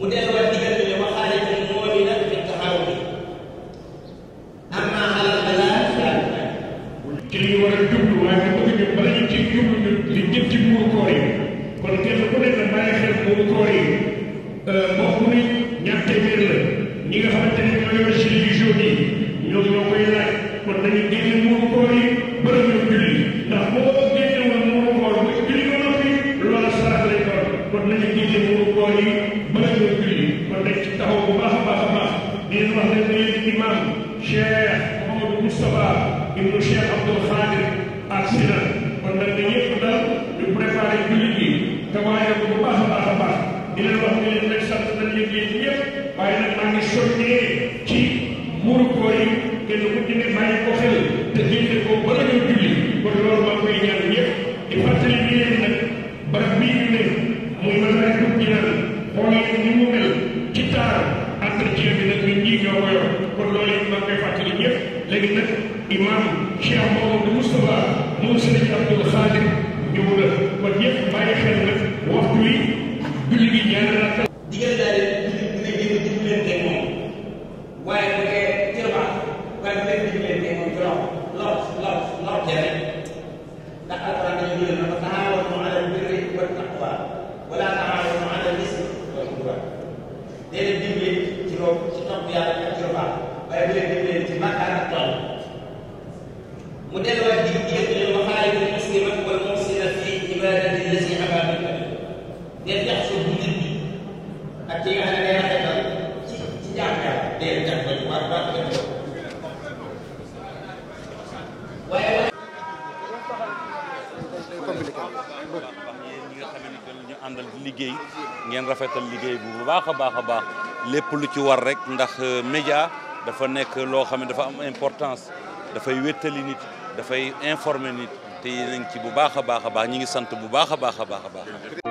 mu delluwaat diggante bi wax xaaral ci moom yi nag fekk xaw bi am naa xalaat ba laa xalaat ci li war a jublu waaye ñu bëgg ñu bala ñu ci jublu ñu li jëm ci muur koor yi kon kenn ku nekk bàyyi xel muur koor yi moom mu ne ñaar téeméer la ñi nga xamante ne ñoo yor si yu jour yi ñoom ñoo koy laaj kon dañu génn yéen wax nañ leen imam Cheikh Mouhamadou Moustapha ibnu Cheikh Abdoul Khadir ak Sina kon nag ne ñëpp dal ñu préparé jullit yi te waaye ko bu baax a baax a baax di leen wax ne leen nag sant nañ leen yéen nag maa ngi soññee ci muru koor yi kenn ku ci ne bàyyi ko te génne ko bala ñu julli kon loolu maa koy ñaan ñëpp di fàttali ni leen nag barab bii ñu ne muy mën a rek ñu naan xool ni mu mel ci taar entretien bi nag ñun ñii ñoo ko yor kon loolu it maa ngi koy fàttali ñëpp léegi nag imam Cheikh Mamadou Moustapha moom Sëriñ Abdoul Khadir ñëw na kon ñëpp bàyyi xel nag waxtu wi julli gi ñaari rakka They didn't juddoo ci topp yàlla ak ci baax waaye bu leen demee ci bàkkaar ak taw mu delluwaat ci jigéen ñi ne ma xalaat yi muslima wal muslima fi ibadati lasi amamika deel jax sa bu nit bi ak ci nga xam ne day rafetal ci ci jaam jaam deel jax ba war war ko def waaye ñu nga xam ne ñu àndal di liggéey ngeen rafetal liggéey bu baax a baax a baax lépp lu ci war rek ndax euh, média dafa nekk loo xam ne dafa am importance dafay wéttali nit dafay informer nit te yéen ci bu baax a baax a baax ñi ngi sant bu baax a baax a baax a baax